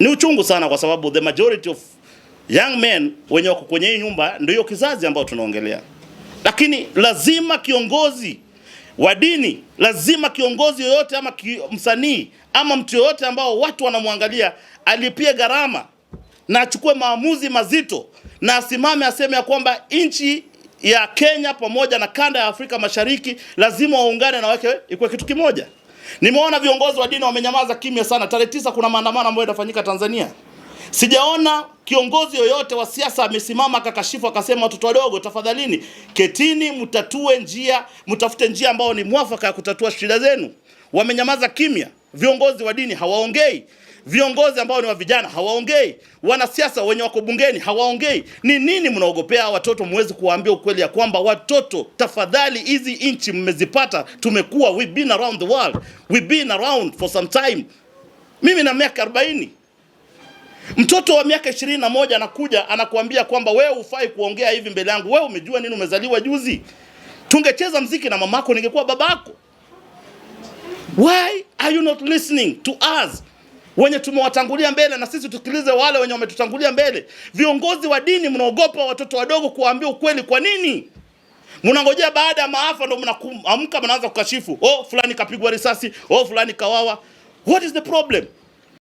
Ni uchungu sana kwa sababu the majority of young men wenye wako kwenye hii nyumba ndio kizazi ambao tunaongelea, lakini lazima kiongozi wa dini, lazima kiongozi yoyote ama msanii ama mtu yoyote ambao watu wanamwangalia alipie gharama na achukue maamuzi mazito na asimame aseme ya kwamba nchi ya Kenya pamoja na kanda ya Afrika Mashariki lazima waungane na wake ikuwe kitu kimoja. Nimeona viongozi wa dini wamenyamaza kimya sana. Tarehe tisa kuna maandamano ambayo yatafanyika Tanzania. Sijaona kiongozi yoyote wa siasa amesimama akakashifu akasema, watoto wadogo, tafadhalini ketini, mtatue njia, mtafute njia ambayo ni mwafaka ya kutatua shida zenu. Wamenyamaza kimya. Viongozi wa dini hawaongei, viongozi ambao ni wa vijana hawaongei, wanasiasa wenye wako bungeni hawaongei. Ni nini mnaogopea watoto muwezi kuwaambia ukweli ya kwamba watoto, tafadhali, hizi nchi mmezipata, tumekuwa we've been around the world, we've been around for some time. Mimi na miaka 40 Mtoto wa miaka 21 anakuja anakuambia kwamba wewe hufai kuongea hivi mbele yangu. Wewe umejua nini? Umezaliwa juzi. Tungecheza mziki na mamako, ningekuwa babako. Why are you not listening to us wenye tumewatangulia mbele, na sisi tusikilize wale wenye wametutangulia mbele. Viongozi wa dini mnaogopa watoto wadogo kuwaambia ukweli. Kwa nini? Mnangojea baada ya maafa ndio mnaamka mnaanza kukashifu, oh fulani kapigwa risasi, oh fulani kawawa. What is the problem?